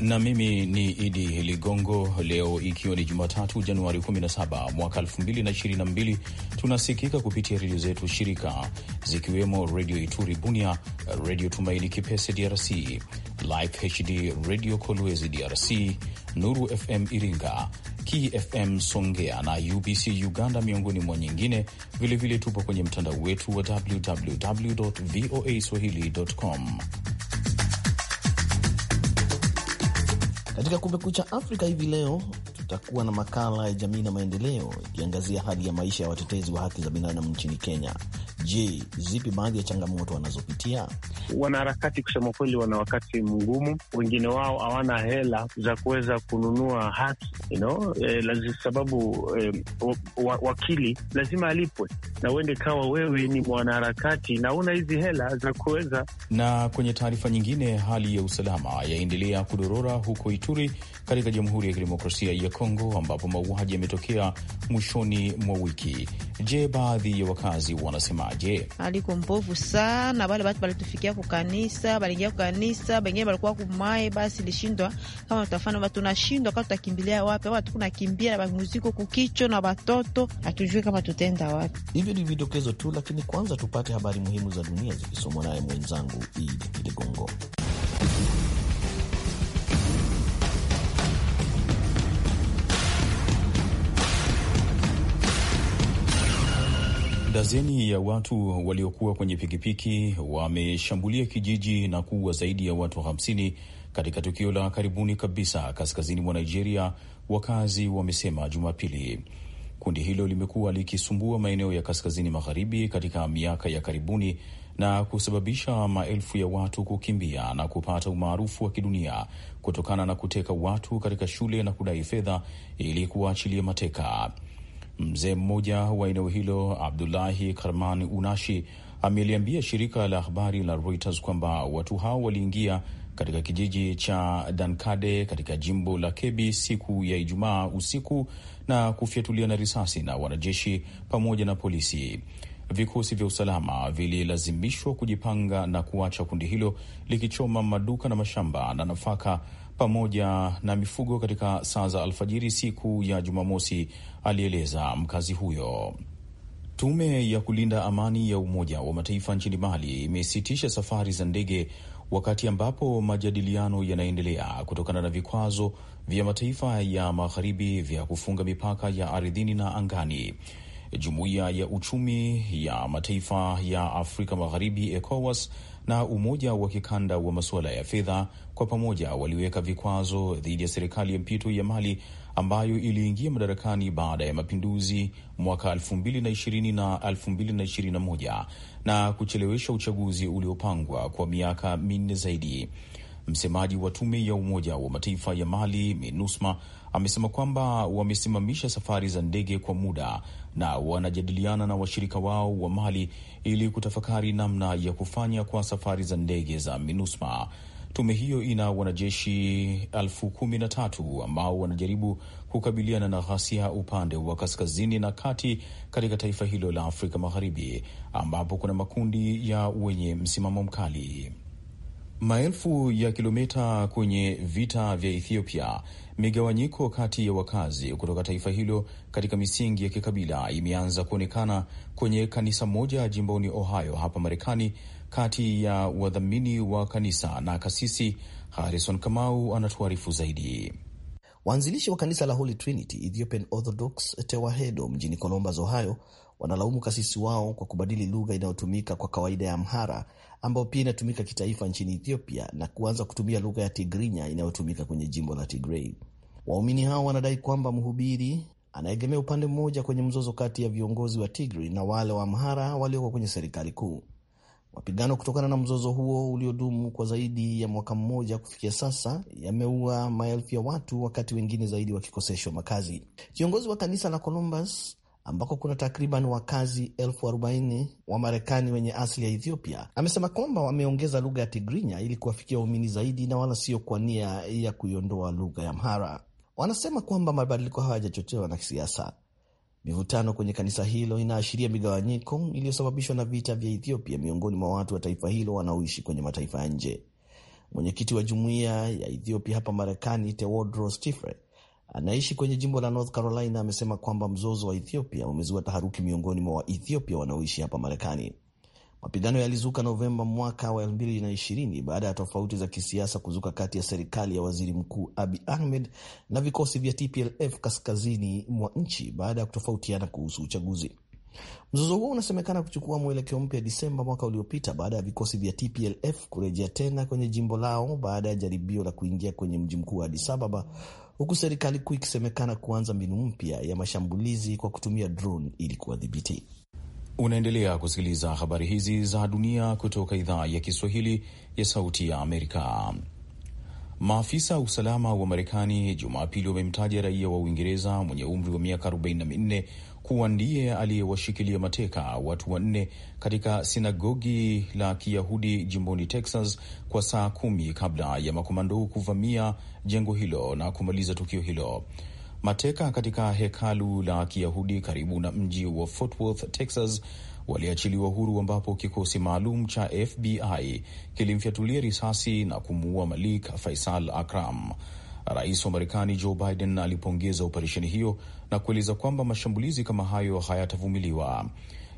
na mimi ni Idi Ligongo. Leo ikiwa ni Jumatatu, Januari 17 mwaka 2022, tunasikika kupitia redio zetu shirika zikiwemo Redio Ituri Bunia, Redio Tumaini Kipese DRC, Life HD Redio Kolwezi DRC, Nuru FM Iringa, KFM Songea na UBC Uganda, miongoni mwa nyingine. Vilevile tupo kwenye mtandao wetu wa www voa swahili.com. Katika Kumekucha Afrika hivi leo tutakuwa na makala ya jamii na maendeleo ikiangazia hali ya maisha ya watetezi wa haki za binadamu nchini Kenya. Je, zipi baadhi ya changamoto wanazopitia wanaharakati? Kusema kweli, wana wakati mgumu. Wengine wao hawana hela za kuweza kununua haki you know? E, eh, lazi sababu e, wa, wakili lazima alipwe, na uende kawa wewe ni mwanaharakati na una hizi hela za kuweza. Na kwenye taarifa nyingine, hali ya usalama yaendelea kudorora huko Ituri katika Jamhuri ya Kidemokrasia ya Kongo ambapo mauaji yametokea mwishoni mwa wiki. Je, baadhi ya wakazi wanasemaje? Aliko mbovu sana, wale watu walitufikia kukanisa, waliingia kukanisa, wengine walikuwa kumae, basi lishindwa kama tutafana ba tunashindwa, kaa tutakimbilia wapi? Au tukunakimbia na bamuziko kukicho na watoto, hatujui kama tutaenda wapi. Hivyo ni vidokezo tu, lakini kwanza tupate habari muhimu za dunia zikisomwa naye mwenzangu Idi Ligongo. Dazeni ya watu waliokuwa kwenye pikipiki wameshambulia kijiji na kuua zaidi ya watu 50 katika tukio la karibuni kabisa kaskazini mwa Nigeria, wakazi wamesema Jumapili. Kundi hilo limekuwa likisumbua maeneo ya kaskazini magharibi katika miaka ya karibuni na kusababisha maelfu ya watu kukimbia na kupata umaarufu wa kidunia kutokana na kuteka watu katika shule na kudai fedha ili kuwaachilia mateka. Mzee mmoja wa eneo hilo Abdulahi Karman Unashi ameliambia shirika la habari la Reuters kwamba watu hao waliingia katika kijiji cha Dankade katika jimbo la Kebi siku ya Ijumaa usiku na na risasi na wanajeshi pamoja na polisi. Vikosi vya usalama vililazimishwa kujipanga na kuacha kundi hilo likichoma maduka na mashamba na nafaka pamoja na mifugo katika saa za alfajiri siku ya Jumamosi, alieleza mkazi huyo. Tume ya kulinda amani ya Umoja wa Mataifa nchini Mali imesitisha safari za ndege wakati ambapo majadiliano yanaendelea kutokana na vikwazo vya mataifa ya magharibi vya kufunga mipaka ya ardhini na angani. Jumuiya ya Uchumi ya Mataifa ya Afrika Magharibi, ECOWAS, na Umoja wa Kikanda wa Masuala ya Fedha kwa pamoja waliweka vikwazo dhidi ya serikali ya mpito ya Mali ambayo iliingia madarakani baada ya mapinduzi mwaka 2020 na 2021 na kuchelewesha uchaguzi uliopangwa kwa miaka minne zaidi. Msemaji wa tume ya Umoja wa Mataifa ya Mali, MINUSMA, amesema kwamba wamesimamisha safari za ndege kwa muda na wanajadiliana na washirika wao wa Mali ili kutafakari namna ya kufanya kwa safari za ndege za MINUSMA. Tume hiyo ina wanajeshi elfu kumi na tatu ambao wanajaribu kukabiliana na ghasia upande wa kaskazini na kati katika taifa hilo la Afrika Magharibi, ambapo kuna makundi ya wenye msimamo mkali. Maelfu ya kilomita kwenye vita vya Ethiopia, migawanyiko kati ya wakazi kutoka taifa hilo katika misingi ya kikabila imeanza kuonekana kwenye kanisa moja jimboni Ohio hapa Marekani, kati ya wadhamini wa kanisa na kasisi. Harrison Kamau anatuarifu zaidi. Waanzilishi wa kanisa la Holy Trinity Ethiopian Orthodox Tewahedo mjini Columbus, Ohio wanalaumu kasisi wao kwa kubadili lugha inayotumika kwa kawaida ya Amhara ambayo pia inatumika kitaifa nchini Ethiopia na kuanza kutumia lugha ya Tigrinya inayotumika kwenye jimbo la Tigrei. Waumini hao wanadai kwamba mhubiri anaegemea upande mmoja kwenye mzozo kati ya viongozi wa Tigri na wale wa Amhara walioko kwenye serikali kuu. Mapigano kutokana na mzozo huo uliodumu kwa zaidi ya mwaka mmoja kufikia sasa yameua maelfu ya watu, wakati wengine zaidi wakikoseshwa makazi. Kiongozi wa kanisa la Columbus ambako kuna takriban wakazi elfu arobaini wa Marekani wenye asili ya Ethiopia amesema kwamba wameongeza lugha ya Tigrinya ili kuwafikia waumini zaidi na wala sio kwa nia ya kuiondoa lugha ya Mhara. Wanasema kwamba mabadiliko hayo hayajachochewa na kisiasa. Mivutano kwenye kanisa hilo inaashiria migawanyiko iliyosababishwa na vita vya Ethiopia miongoni mwa watu wa taifa hilo wanaoishi kwenye mataifa ya nje. Mwenyekiti wa jumuiya ya Ethiopia hapa Marekani, Tewodros Tifre, anaishi kwenye jimbo la North Carolina, amesema kwamba mzozo wa Ethiopia umezua taharuki miongoni mwa Waethiopia wanaoishi hapa Marekani. Mapigano yalizuka Novemba mwaka wa 2020 baada ya tofauti za kisiasa kuzuka kati ya serikali ya waziri mkuu Abi Ahmed na vikosi vya TPLF kaskazini mwa nchi baada ya kutofautiana kuhusu uchaguzi. Mzozo huo unasemekana kuchukua mwelekeo mpya Disemba mwaka uliopita baada ya vikosi vya TPLF kurejea tena kwenye jimbo lao baada ya jaribio la kuingia kwenye mji mkuu wa Addis Ababa, huku serikali kuu ikisemekana kuanza mbinu mpya ya mashambulizi kwa kutumia drone ili kuwadhibiti. Unaendelea kusikiliza habari hizi za dunia kutoka idhaa ya Kiswahili ya Sauti ya Amerika. Maafisa usalama wa Marekani Jumapili wamemtaja raia wa Uingereza mwenye umri wa miaka 44 kuwa ndiye aliyewashikilia mateka watu wanne katika sinagogi la Kiyahudi jimboni Texas kwa saa kumi kabla ya makomando kuvamia jengo hilo na kumaliza tukio hilo. Mateka katika hekalu la Kiyahudi karibu na mji wa Fort Worth, Texas, waliachiliwa huru ambapo kikosi maalum cha FBI kilimfyatulia risasi na kumuua Malik Faisal Akram. Rais wa Marekani Joe Biden alipongeza operesheni hiyo na kueleza kwamba mashambulizi kama hayo hayatavumiliwa.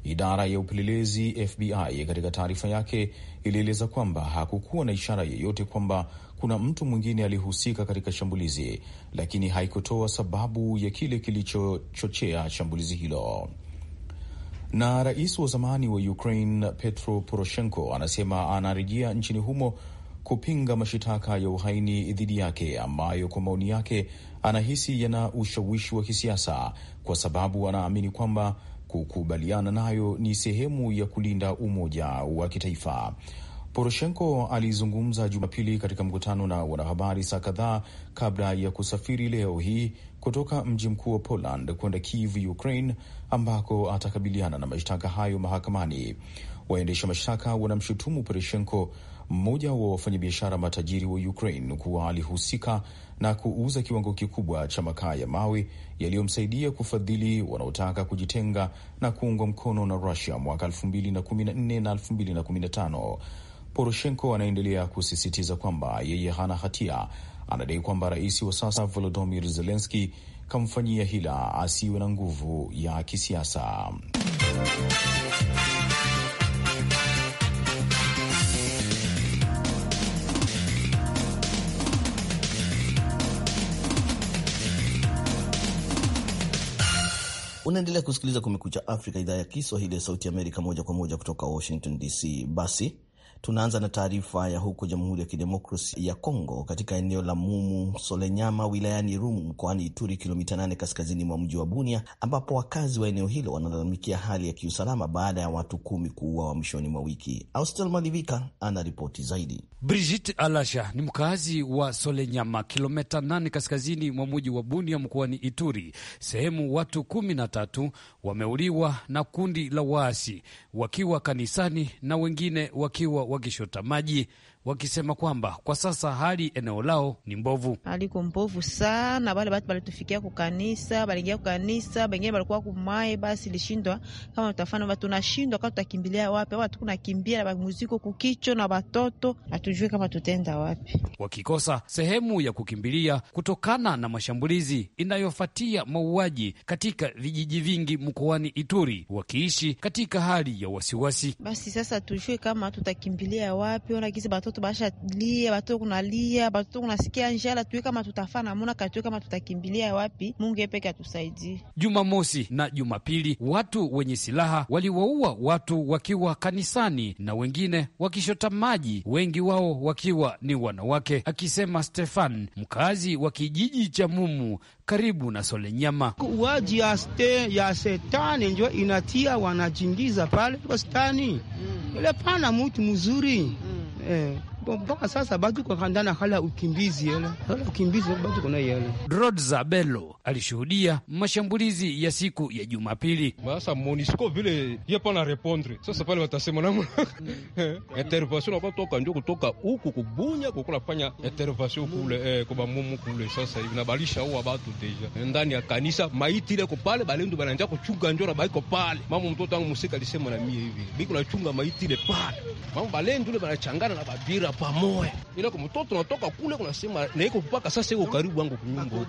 Idara ya upelelezi FBI katika taarifa yake ilieleza kwamba hakukuwa na ishara yeyote kwamba kuna mtu mwingine alihusika katika shambulizi, lakini haikutoa sababu ya kile kilichochochea shambulizi hilo. Na rais wa zamani wa Ukraine Petro Poroshenko anasema anarejea nchini humo kupinga mashitaka ya uhaini dhidi yake ambayo kwa maoni yake anahisi yana ushawishi wa kisiasa, kwa sababu anaamini kwamba kukubaliana nayo ni sehemu ya kulinda umoja wa kitaifa. Poroshenko alizungumza Jumapili katika mkutano na wanahabari saa kadhaa kabla ya kusafiri leo hii kutoka mji mkuu wa Poland kwenda Kiev, Ukraine, ambako atakabiliana na mashtaka hayo mahakamani. Waendesha mashtaka wanamshutumu Poroshenko, mmoja wa wafanyabiashara matajiri wa Ukraine, kuwa alihusika na kuuza kiwango kikubwa cha makaa ya mawe yaliyomsaidia kufadhili wanaotaka kujitenga na kuungwa mkono na Rusia mwaka 2014 na 2015. Poroshenko anaendelea kusisitiza kwamba yeye hana hatia. Anadai kwamba rais wa sasa Volodymyr Zelensky kamfanyia hila asiwe na nguvu ya kisiasa. Unaendelea kusikiliza Kumekucha Afrika, idhaa ya Kiswahili ya Sauti Amerika, moja kwa moja kutoka Washington DC. Basi Tunaanza na taarifa ya huko Jamhuri ya Kidemokrasi ya Kongo, katika eneo la Mumu Solenyama wilayani Rumu mkoani Ituri, kilomita 8 kaskazini mwa mji wa Bunia, ambapo wakazi wa eneo hilo wanalalamikia hali ya kiusalama baada ya watu kumi kuuawa mwishoni mwa wiki. Austel Malivika ana ripoti zaidi. Brigit Alasha ni mkaazi wa Solenyama, kilomita 8 kaskazini mwa mji wa Bunia mkoani Ituri, sehemu watu kumi na tatu wameuliwa na kundi la waasi wakiwa kanisani na wengine wakiwa wakishota maji wakisema kwamba kwa sasa hali eneo lao ni mbovu, aliko mbovu sana. Wale watu walitufikia kukanisa, waliingia kukanisa, wengine walikuwa kumae, basi lishindwa kama tutafanya watu nashindwa kama tutakimbilia wapi? au Watu kimbia na muziko kukicho na watoto, hatujui kama tutaenda wapi, wakikosa sehemu ya kukimbilia kutokana na mashambulizi inayofatia mauaji katika vijiji vingi mkoani Ituri, wakiishi katika hali ya wasiwasi. Basi sasa tujue kama tutakimbilia wapi, ona kisi batoto bashalia, batoto kunalia, batoto kunasikia njala, tuwe kama tutafaa namuna katuwe kama tutakimbilia wapi? Mungu yepeke atusaidie. Jumamosi na Jumapili watu wenye silaha waliwaua watu wakiwa kanisani na wengine wakishota maji, wengi wao wakiwa ni wanawake, akisema Stefan, mkazi wa kijiji cha Mumu karibu na Sole Nyama. Uaji ya, ste, ya setani njo inatia wanajingiza pale kwa setani mm. ile, pana mutu mzuri mm. 嗯。mpaka sasa batu kwa kandana hala ukimbizi hala ukimbizi batu kuna alishuhudia mashambulizi ya siku ya Jumapili. vile repondre sasa pale watasema intervention kutoka huku kubunya kukula fanya intervention kule eh, mumu kule sasa hivi nabalisha batu deja ndani ya kanisa maiti balendu bananja kuchunga baiko pale mtoto musika alisema na mie hivi maiti pale balendu banachangana na babira ya pamoya, ila kwa natoka kule kunasema na mpaka sasa iko karibu yangu kunyumba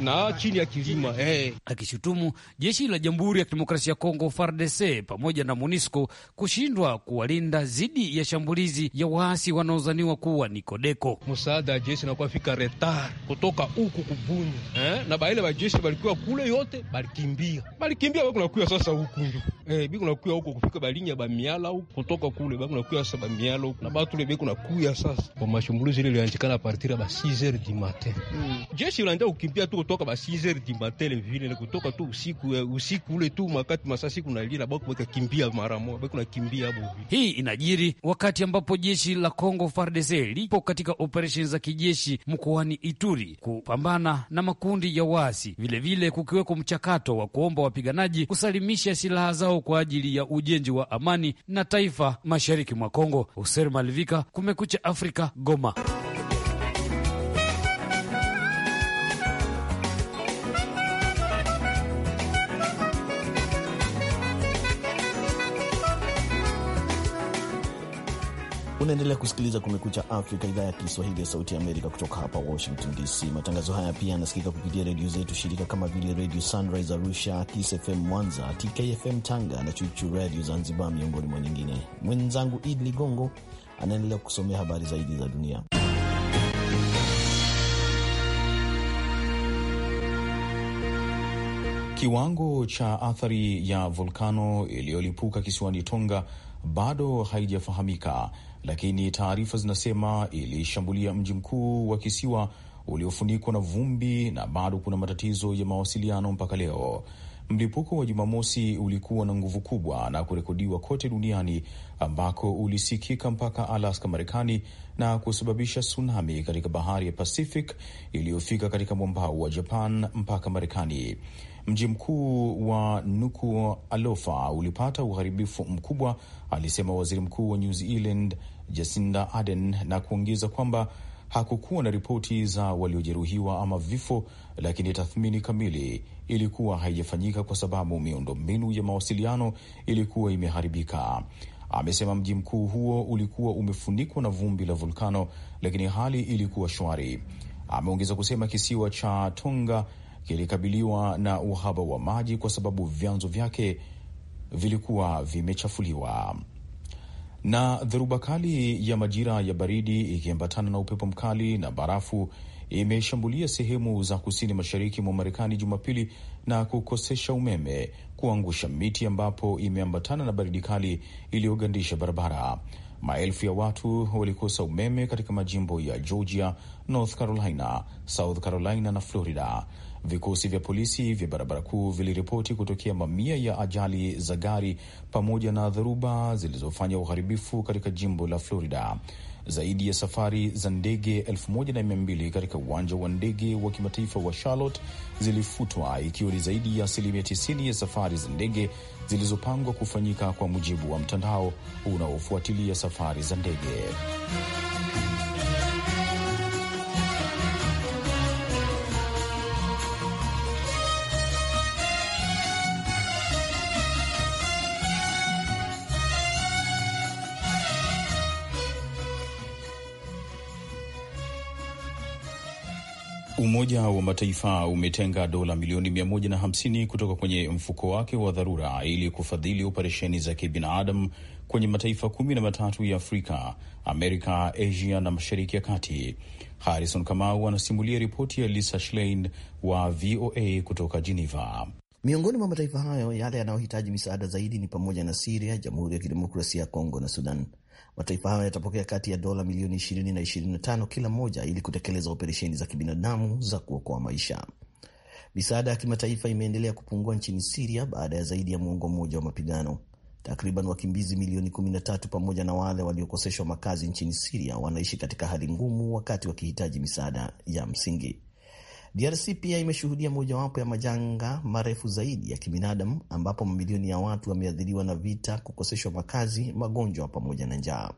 na chini ya kilima eh. Akishutumu jeshi la Jamhuri ya Kidemokrasia ya Kongo FARDC pamoja na MONUSCO kushindwa kuwalinda dhidi ya shambulizi ya waasi wanaozaniwa kuwa ni Kodeko. Msaada ya jeshi fika retar kutoka huku kubunya eh, na baile ba jeshi balikuwa kule yote balikimbia balikimbia nakuya sasa huku njo eh, biko nakuya huko kufika balinya bamiala huku kutoka kule bako nakuya sasa bamiala huku na batule bikunakuya asubuhi ya sasa kwa mashambulizi ile ilianzikana partira ba 6h du matin. Mm. Jeshi la ndao kukimbia tu kutoka ba 6h du matin le vile na kutoka tu usiku eh, usiku ule tu makati masaa siku na lina bako kimbia mara moja bako na kimbia hapo. Hii inajiri wakati ambapo jeshi la Kongo FARDC lipo katika operesheni za kijeshi mkoani Ituri kupambana na makundi ya waasi, vile kukiweko mchakato wa kuomba wapiganaji kusalimisha silaha zao kwa ajili ya ujenzi wa amani na taifa mashariki mwa Kongo. Hoser Malivika kumekucha Kumekucha Afrika, Goma. Unaendelea kusikiliza Kumekucha Afrika, idhaa ya Kiswahili ya Sauti ya Amerika kutoka hapa Washington DC. Matangazo haya pia yanasikika kupitia redio zetu shirika kama vile Redio Sunrise Arusha, Kiss FM Mwanza, TKFM Tanga na Chuchu Redio Zanzibar, miongoni mwa nyingine. Mwenzangu Id Ligongo anaendelea kusomea habari zaidi za dunia. Kiwango cha athari ya volkano iliyolipuka kisiwani Tonga bado haijafahamika, lakini taarifa zinasema ilishambulia mji mkuu wa kisiwa uliofunikwa na vumbi na bado kuna matatizo ya mawasiliano mpaka leo. Mlipuko wa Jumamosi ulikuwa na nguvu kubwa na kurekodiwa kote duniani ambako ulisikika mpaka Alaska, Marekani na kusababisha tsunami katika bahari ya Pacific iliyofika katika mwambao wa Japan mpaka Marekani. Mji mkuu wa nuku alofa ulipata uharibifu mkubwa, alisema waziri mkuu wa New Zealand Jacinda Ardern, na kuongeza kwamba hakukuwa na ripoti za waliojeruhiwa ama vifo, lakini tathmini kamili ilikuwa haijafanyika kwa sababu miundombinu ya mawasiliano ilikuwa imeharibika. Amesema mji mkuu huo ulikuwa umefunikwa na vumbi la volkano, lakini hali ilikuwa shwari. Ameongeza kusema kisiwa cha Tonga kilikabiliwa na uhaba wa maji kwa sababu vyanzo vyake vilikuwa vimechafuliwa. Na dhoruba kali ya majira ya baridi ikiambatana na upepo mkali na barafu imeshambulia sehemu za kusini mashariki mwa Marekani Jumapili na kukosesha umeme, kuangusha miti, ambapo imeambatana na baridi kali iliyogandisha barabara. Maelfu ya watu walikosa umeme katika majimbo ya Georgia, North Carolina, South Carolina na Florida. Vikosi vya polisi vya barabara kuu viliripoti kutokea mamia ya ajali za gari pamoja na dharuba zilizofanya uharibifu katika jimbo la Florida. Zaidi ya safari za ndege 1200 katika uwanja wa ndege wa kimataifa wa Charlotte zilifutwa ikiwa ni zaidi ya asilimia 90 ya safari za ndege zilizopangwa kufanyika, kwa mujibu wa mtandao unaofuatilia safari za ndege. Umoja wa Mataifa umetenga dola milioni 150 kutoka kwenye mfuko wake wa dharura ili kufadhili operesheni za kibinadamu kwenye mataifa kumi na matatu ya Afrika, Amerika, Asia na Mashariki ya Kati. Harrison Kamau anasimulia ripoti ya Lisa Schlein wa VOA kutoka Geneva. Miongoni mwa mataifa hayo, yale yanayohitaji misaada zaidi ni pamoja na Siria, Jamhuri ya Kidemokrasia ya Kongo na Sudan. Mataifa hayo yatapokea kati ya dola milioni 20 na 25 kila moja ili kutekeleza operesheni za kibinadamu za kuokoa maisha. Misaada ya kimataifa imeendelea kupungua nchini Siria baada ya zaidi ya muongo mmoja wa mapigano. Takriban wakimbizi milioni 13 pamoja na wale waliokoseshwa makazi nchini Siria wanaishi katika hali ngumu wakati wakihitaji misaada ya msingi. DRC pia imeshuhudia mojawapo ya majanga marefu zaidi ya kibinadamu ambapo mamilioni ya watu wameathiriwa na vita, kukoseshwa makazi, magonjwa pamoja na njaa.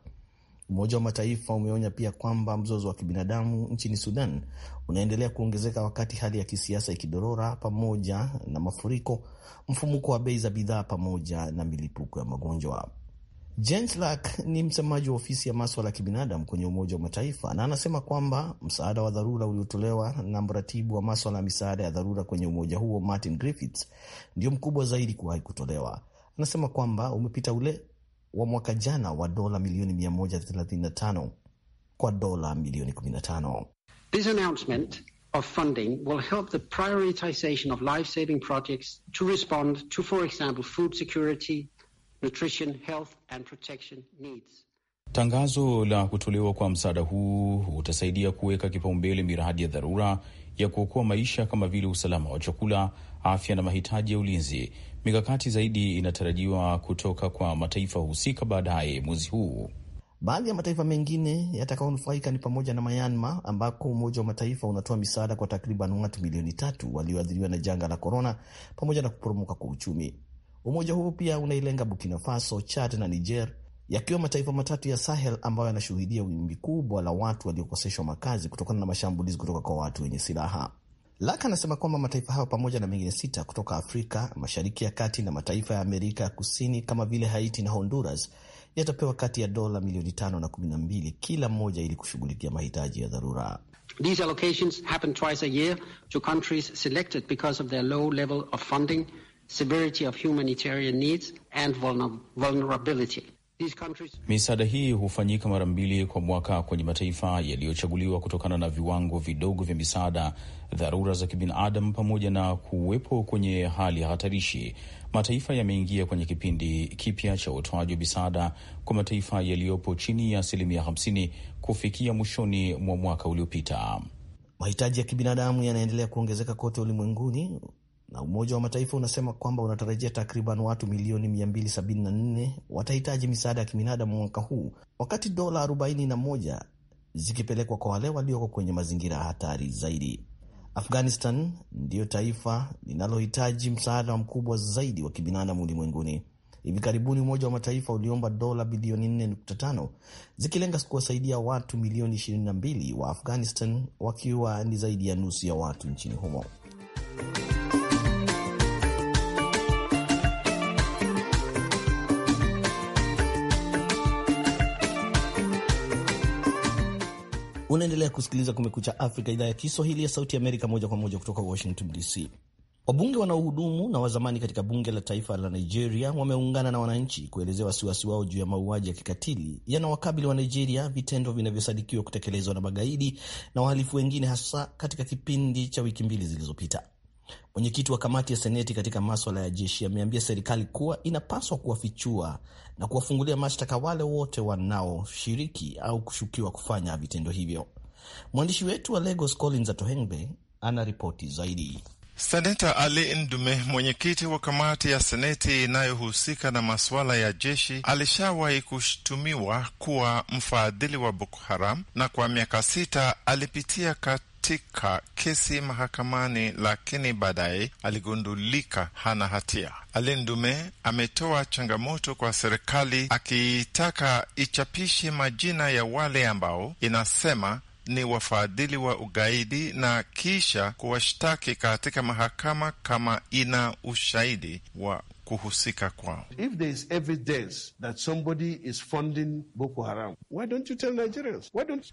Umoja wa Mataifa umeonya pia kwamba mzozo wa kibinadamu nchini Sudan unaendelea kuongezeka wakati hali ya kisiasa ikidorora pamoja na mafuriko, mfumuko wa bei za bidhaa pamoja na milipuko ya magonjwa. Jens Lack ni msemaji wa ofisi ya maswala ya kibinadamu kwenye Umoja wa Mataifa, na anasema kwamba msaada wa dharura uliotolewa na mratibu wa maswala ya misaada ya dharura kwenye umoja huo Martin Griffiths ndio mkubwa zaidi kuwahi kutolewa. Anasema kwamba umepita ule wa mwaka jana wa dola milioni 135 kwa dola milioni 15. This announcement of funding will help the prioritization of life-saving projects to respond to, for example, food security nutrition, health and protection needs. Tangazo la kutolewa kwa msaada huu utasaidia kuweka kipaumbele miradi ya dharura ya kuokoa maisha kama vile usalama wa chakula, afya na mahitaji ya ulinzi. Mikakati zaidi inatarajiwa kutoka kwa mataifa husika baadaye mwezi huu. Baadhi ya mataifa mengine yatakaonufaika ni pamoja na Myanmar, ambako Umoja wa Mataifa unatoa misaada kwa takriban watu milioni tatu walioathiriwa na janga la korona pamoja na kuporomoka kwa uchumi. Umoja huo pia unailenga Burkina Faso, Chad na Niger, yakiwa mataifa matatu ya Sahel ambayo yanashuhudia wimbi kubwa la watu waliokoseshwa makazi kutokana na mashambulizi kutoka kwa watu wenye silaha. Laka anasema kwamba mataifa hayo pamoja na mengine sita kutoka Afrika Mashariki ya Kati na mataifa ya Amerika ya Kusini kama vile Haiti na Honduras yatapewa kati ya dola milioni tano na kumi na mbili kila mmoja ili kushughulikia mahitaji ya dharura. These allocations happen twice a year to countries selected because of their low level of funding severity of humanitarian needs and vulnerability. Misaada hii hufanyika mara mbili kwa mwaka kwenye mataifa yaliyochaguliwa kutokana na viwango vidogo vya misaada, dharura za kibinadamu, pamoja na kuwepo kwenye hali hatarishi. Mataifa yameingia kwenye kipindi kipya cha utoaji wa misaada kwa mataifa yaliyopo chini ya asilimia 50 kufikia mwishoni mwa mwaka uliopita. Mahitaji ya kibinadamu yanaendelea kuongezeka kote ulimwenguni, na Umoja wa Mataifa unasema kwamba unatarajia takriban watu milioni 274 watahitaji misaada ya kibinadamu mwaka huu, wakati dola 41 zikipelekwa kwa wale walioko kwenye mazingira hatari zaidi. Afghanistan ndiyo taifa linalohitaji msaada mkubwa zaidi wa kibinadamu ulimwenguni. Hivi karibuni Umoja wa Mataifa uliomba dola bilioni 4.5 zikilenga kuwasaidia watu milioni 22 wa Afghanistan, wakiwa ni zaidi ya nusu ya watu nchini humo. Unaendelea kusikiliza Kumekucha Afrika, idhaa ya Kiswahili ya Sauti Amerika, moja kwa moja kutoka Washington DC. Wabunge wanaohudumu na wazamani katika bunge la taifa la Nigeria wameungana na wananchi kuelezea wasiwasi wao juu ya mauaji ya kikatili yanawakabili wa Nigeria, vitendo vinavyosadikiwa kutekelezwa na magaidi na wahalifu wengine, hasa katika kipindi cha wiki mbili zilizopita. Mwenyekiti wa kamati ya Seneti katika maswala ya jeshi ameambia serikali kuwa inapaswa kuwafichua na kuwafungulia mashtaka wale wote wanaoshiriki au kushukiwa kufanya vitendo hivyo. Mwandishi wetu wa Lagos Collins Atohengbe ana ripoti zaidi. Seneta Ali Ndume, mwenyekiti wa kamati ya seneti inayohusika na masuala ya jeshi, alishawahi kushutumiwa kuwa mfadhili wa Boko Haram na kwa miaka sita alipitia kat katika kesi mahakamani, lakini baadaye aligundulika hana hatia. alindume Dume ametoa changamoto kwa serikali akiitaka ichapishe majina ya wale ambao inasema ni wafadhili wa ugaidi na kisha kuwashtaki katika mahakama kama ina ushahidi wa kuhusika kwao.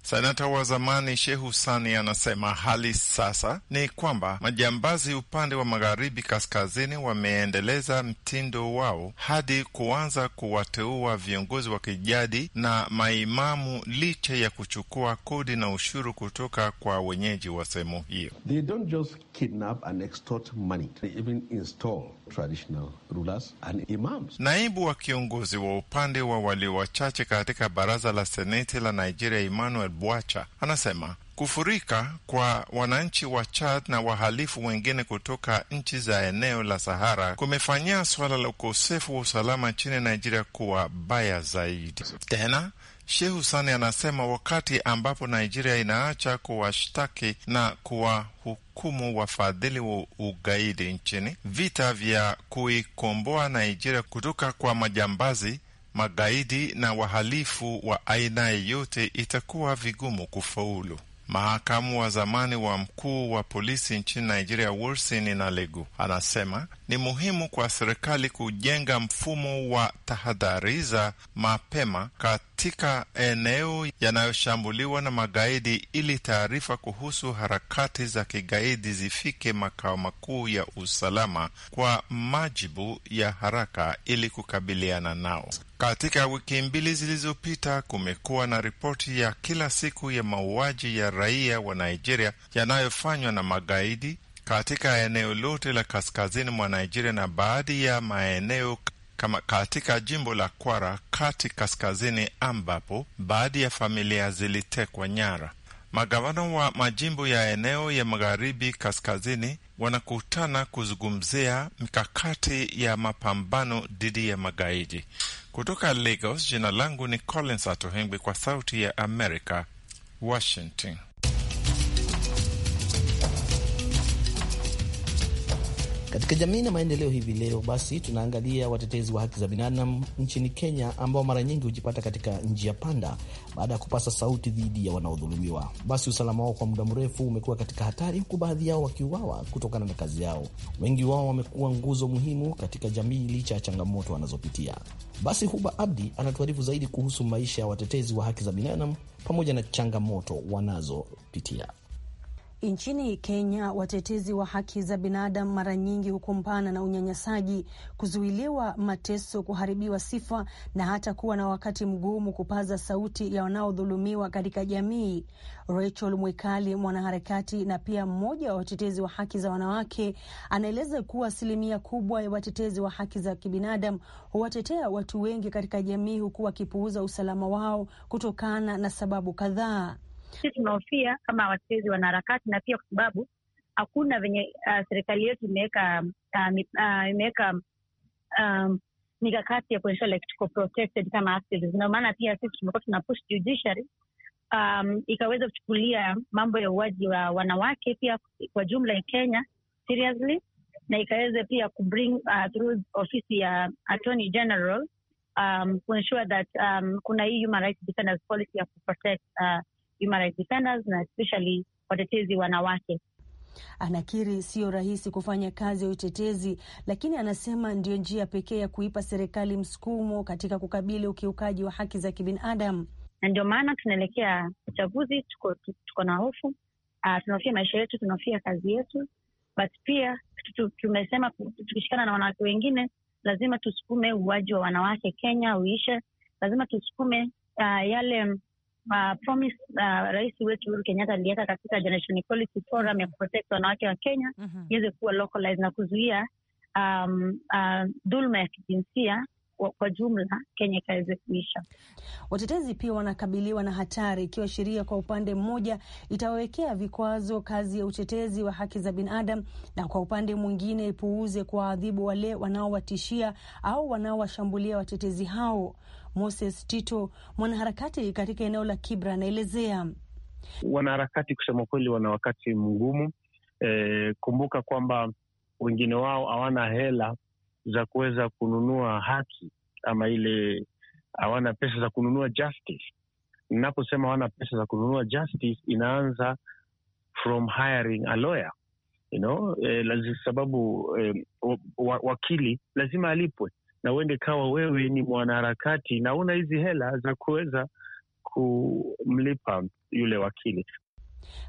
Senata wa zamani Shehu Sani anasema hali sasa ni kwamba majambazi upande wa magharibi kaskazini wameendeleza mtindo wao hadi kuanza kuwateua viongozi wa kijadi na maimamu licha ya kuchukua kodi na ushuru kutoka kwa wenyeji wa sehemu hiyo. They don't just kidnap and extort money. They even install traditional rulers and imams. Naibu wa kiongozi wa upande wa walio wachache katika baraza la seneti la Nigeria, Emmanuel Bwacha, anasema kufurika kwa wananchi wa Chad na wahalifu wengine kutoka nchi za eneo la Sahara kumefanyia suala la ukosefu wa usalama nchini Nigeria kuwa baya zaidi. Tena Shehu Sani anasema wakati ambapo Nigeria inaacha kuwashtaki na kuwahukumu wafadhili wa ugaidi nchini, vita vya kuikomboa Nigeria kutoka kwa majambazi, magaidi na wahalifu wa aina yeyote itakuwa vigumu kufaulu. Mahakamu wa zamani wa mkuu wa polisi nchini Nigeria, Wilson nalegu anasema ni muhimu kwa serikali kujenga mfumo wa tahadhari za mapema katika eneo yanayoshambuliwa na magaidi ili taarifa kuhusu harakati za kigaidi zifike makao makuu ya usalama kwa majibu ya haraka ili kukabiliana nao. Katika wiki mbili zilizopita kumekuwa na ripoti ya kila siku ya mauaji ya raia wa Nigeria yanayofanywa na magaidi katika eneo lote la kaskazini mwa Nigeria na baadhi ya maeneo kama katika jimbo la Kwara kati kaskazini, ambapo baadhi ya familia zilitekwa nyara. Magavana wa majimbo ya eneo ya magharibi kaskazini wanakutana kuzungumzia mikakati ya mapambano dhidi ya magaidi. Kutoka Lagos, jina langu ni Collins Atohengwi, kwa Sauti ya Amerika, Washington. Katika jamii na maendeleo hivi leo, basi tunaangalia watetezi wa haki za binadamu nchini Kenya, ambao mara nyingi hujipata katika njia panda baada ya kupasa sauti dhidi ya wanaodhulumiwa. Basi usalama wao kwa muda mrefu umekuwa katika hatari, huku baadhi yao wakiuawa kutokana na kazi yao. Wengi wao wamekuwa nguzo muhimu katika jamii licha ya changamoto wanazopitia. Basi Huba Abdi anatuarifu zaidi kuhusu maisha ya watetezi wa haki za binadamu pamoja na changamoto wanazopitia. Nchini Kenya, watetezi wa haki za binadamu mara nyingi hukumbana na unyanyasaji, kuzuiliwa, mateso, kuharibiwa sifa na hata kuwa na wakati mgumu kupaza sauti ya wanaodhulumiwa katika jamii. Rachel Mwikali, mwanaharakati na pia mmoja wa watetezi wa haki za wanawake, anaeleza kuwa asilimia kubwa ya watetezi wa haki za kibinadamu huwatetea watu wengi katika jamii, huku wakipuuza usalama wao kutokana na sababu kadhaa. Sisi tunahofia kama watetezi wanaharakati, na pia kwa sababu hakuna venye uh, serikali yetu imeweka uh, uh, imeweka um, mikakati ya kuonyesha like tuko protected kama activists. Ndio maana pia sisi tumekuwa tuna push judiciary um, ikaweza kuchukulia mambo ya uwaji wa wanawake pia kwa jumla ya Kenya seriously na ikaweza pia kubring uh, through ofisi ya attorney general um, kuensure that um, kuna hii human rights defenders policy ya kuprotect uh, human rights defenders na especially watetezi wanawake. Anakiri sio rahisi kufanya kazi ya utetezi, lakini anasema ndiyo njia pekee ya kuipa serikali msukumo katika kukabili ukiukaji wa haki za kibinadamu. Na ndio maana tunaelekea uchaguzi, tuko, tuko na hofu uh, tunahofia maisha yetu, tunahofia kazi yetu, but pia tumesema tukishikana na wanawake wengine lazima tusukume uuaji wa wanawake Kenya uishe, lazima tusukume uh, yale ma promise uh, rais wetu Uhuru Kenyatta aliweka katika Generation Equality Forum ya kuprotect wanawake wa Kenya mhm. iweze mm -hmm. kuwa localized na kuzuia um, uh, dhuluma ya kijinsia kwa jumla Kenya ikaweze kuisha. Watetezi pia wanakabiliwa na hatari ikiwa sheria kwa upande mmoja itawawekea vikwazo kazi ya utetezi wa haki za binadamu, na kwa upande mwingine ipuuze kuwaadhibu wale wanaowatishia au wanaowashambulia watetezi hao. Moses Tito, mwanaharakati katika eneo la Kibra, anaelezea. Wanaharakati kusema kweli, wana wakati mgumu. E, kumbuka kwamba wengine wao hawana hela za kuweza kununua haki ama ile, hawana pesa za kununua justice. Ninaposema hawana pesa za kununua justice, inaanza from hiring a lawyer you know, eh, sababu eh, wakili lazima alipwe na uende kawa wewe ni mwanaharakati na una hizi hela za kuweza kumlipa yule wakili.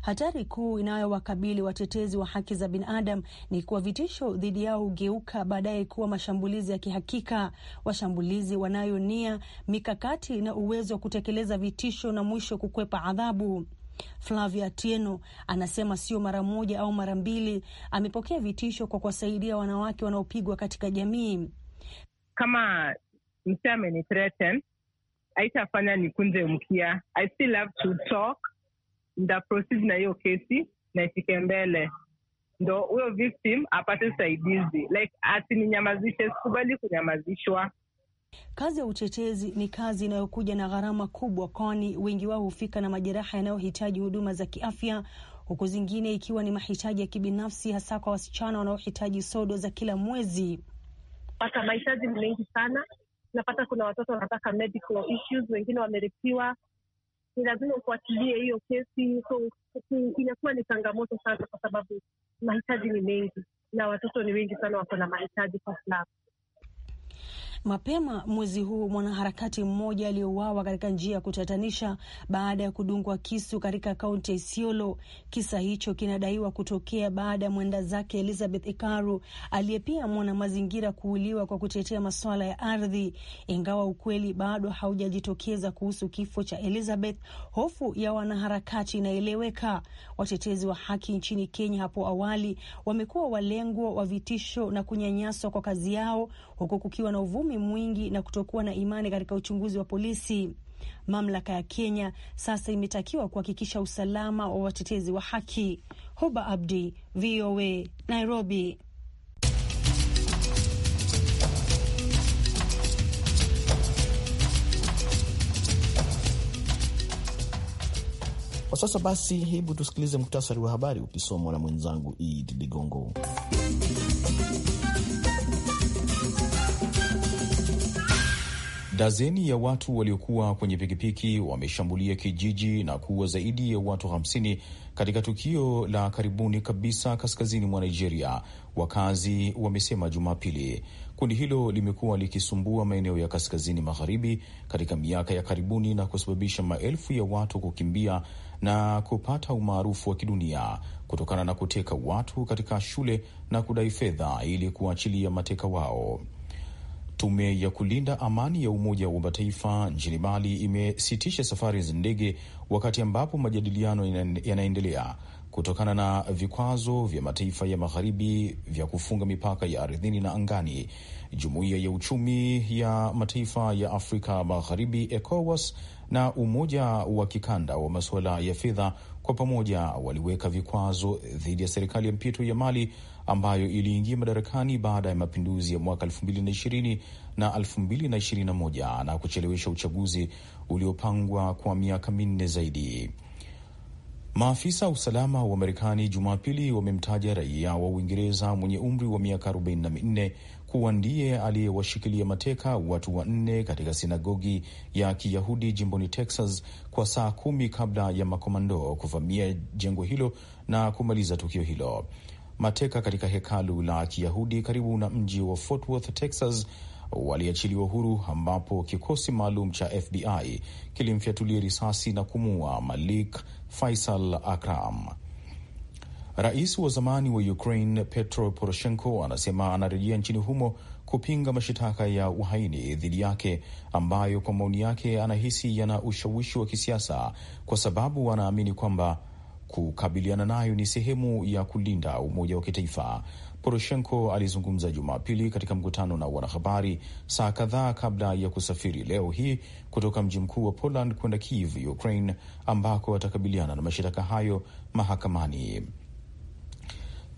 Hatari kuu inayowakabili watetezi wa haki za binadamu ni kuwa vitisho dhidi yao hugeuka baadaye kuwa mashambulizi ya kihakika. Washambulizi wanayo nia, mikakati na uwezo wa kutekeleza vitisho na mwisho kukwepa adhabu. Flavia Tieno anasema sio mara moja au mara mbili amepokea vitisho kwa kuwasaidia wanawake wanaopigwa katika jamii kama msee ameni threaten haitafanya mkia. I still have to talk, nda proceed na hiyo kesi na ifike mbele, ndo huyo victim apate usaidizi. Like asininyamazishe, sikubali kunyamazishwa. Kazi ya utetezi ni kazi inayokuja na gharama kubwa, kwani wengi wao hufika na majeraha yanayohitaji huduma za kiafya, huku zingine ikiwa ni mahitaji ya kibinafsi, hasa kwa wasichana wanaohitaji sodo za kila mwezi pata mahitaji ni mengi sana. Tunapata kuna watoto wanataka medical issues, wengine wameripiwa, ni lazima ufuatilie hiyo kesi. So inakuwa ni changamoto sana, kwa sababu mahitaji ni mengi na watoto ni wengi sana, wako na mahitaji kwa slamu Mapema mwezi huu mwanaharakati mmoja aliyeuawa katika njia ya kutatanisha baada ya kudungwa kisu katika kaunti ya Isiolo. Kisa hicho kinadaiwa kutokea baada ya mwenda zake Elizabeth Ikaru aliye pia mwana mazingira kuuliwa kwa kutetea masuala ya ardhi. Ingawa ukweli bado haujajitokeza kuhusu kifo cha Elizabeth, hofu ya wanaharakati inaeleweka. Watetezi wa haki nchini Kenya hapo awali wamekuwa walengwa wa vitisho na kunyanyaswa kwa kazi yao huku kukiwa na uvumi uvumi mwingi na kutokuwa na imani katika uchunguzi wa polisi. Mamlaka ya Kenya sasa imetakiwa kuhakikisha usalama wa watetezi wa haki. Huba Abdi, VOA, Nairobi. Kwa sasa basi, hebu tusikilize muktasari wa habari ukisomwa na mwenzangu ed Ligongo. Dazeni ya watu waliokuwa kwenye pikipiki wameshambulia kijiji na kuua zaidi ya watu 50 katika tukio la karibuni kabisa kaskazini mwa Nigeria, wakazi wamesema Jumapili. Kundi hilo limekuwa likisumbua maeneo ya kaskazini magharibi katika miaka ya karibuni na kusababisha maelfu ya watu kukimbia na kupata umaarufu wa kidunia kutokana na kuteka watu katika shule na kudai fedha ili kuachilia mateka wao. Tume ya kulinda amani ya Umoja wa Mataifa nchini Mali imesitisha safari za ndege wakati ambapo majadiliano yanaendelea kutokana na vikwazo vya mataifa ya magharibi vya kufunga mipaka ya ardhini na angani. Jumuiya ya Uchumi ya Mataifa ya Afrika Magharibi, ECOWAS, na Umoja wa Kikanda wa Masuala ya Fedha kwa pamoja waliweka vikwazo dhidi ya serikali ya mpito ya Mali ambayo iliingia madarakani baada ya mapinduzi ya mwaka 2020 na 2021 na kuchelewesha uchaguzi uliopangwa kwa miaka minne zaidi. Maafisa usalama wa Marekani Jumapili wamemtaja raia wa Uingereza mwenye umri wa miaka 44 kuwa ndiye aliyewashikilia mateka watu wanne katika sinagogi ya Kiyahudi jimboni Texas kwa saa kumi kabla ya makomando kuvamia jengo hilo na kumaliza tukio hilo. Mateka katika hekalu la Kiyahudi karibu na mji wa Fort Worth, Texas waliachiliwa huru ambapo kikosi maalum cha FBI kilimfyatulia risasi na kumua Malik Faisal Akram. Rais wa zamani wa Ukraine Petro Poroshenko anasema anarejea nchini humo kupinga mashitaka ya uhaini dhidi yake ambayo kwa maoni yake anahisi yana ushawishi wa kisiasa, kwa sababu anaamini kwamba kukabiliana nayo ni sehemu ya kulinda umoja wa kitaifa. Poroshenko alizungumza Jumapili katika mkutano na wanahabari saa kadhaa kabla ya kusafiri leo hii kutoka mji mkuu wa Poland kwenda Kiev, Ukraine, ambako atakabiliana na mashitaka hayo mahakamani.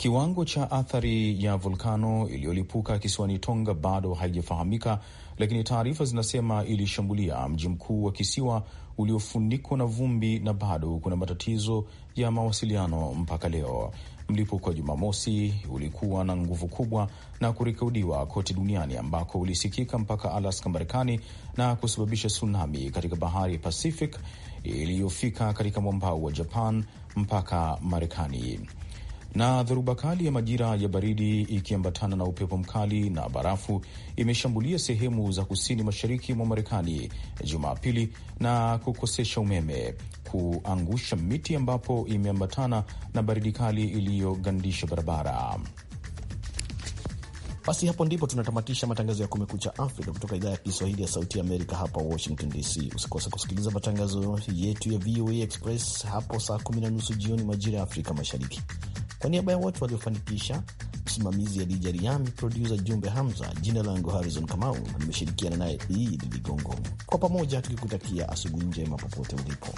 Kiwango cha athari ya volkano iliyolipuka kisiwani Tonga bado haijafahamika, lakini taarifa zinasema ilishambulia mji mkuu wa kisiwa uliofunikwa na vumbi na bado kuna matatizo ya mawasiliano mpaka leo. Mlipuko wa Jumamosi ulikuwa na nguvu kubwa na kurekodiwa kote duniani ambako ulisikika mpaka Alaska, Marekani, na kusababisha tsunami katika bahari ya Pacific iliyofika katika mwambao wa Japan mpaka Marekani. Na dhoruba kali ya majira ya baridi ikiambatana na upepo mkali na barafu imeshambulia sehemu za kusini mashariki mwa Marekani Jumapili na kukosesha umeme, kuangusha miti ambapo imeambatana na baridi kali iliyogandisha barabara. Basi hapo ndipo tunatamatisha matangazo ya Kumekucha Afrika kutoka idhaa ya Kiswahili ya Sauti Amerika hapa Washington DC. Usikose kusikiliza matangazo yetu ya VOA Express hapo saa kumi na nusu jioni majira ya Afrika Mashariki. Kwa niaba ya wote waliofanikisha, msimamizi ya dija Riami, produsa Jumbe Hamza, jina langu Harrison Kamau, nimeshirikiana naye Idi Ligongo, kwa pamoja tukikutakia asubuhi njema popote ulipo.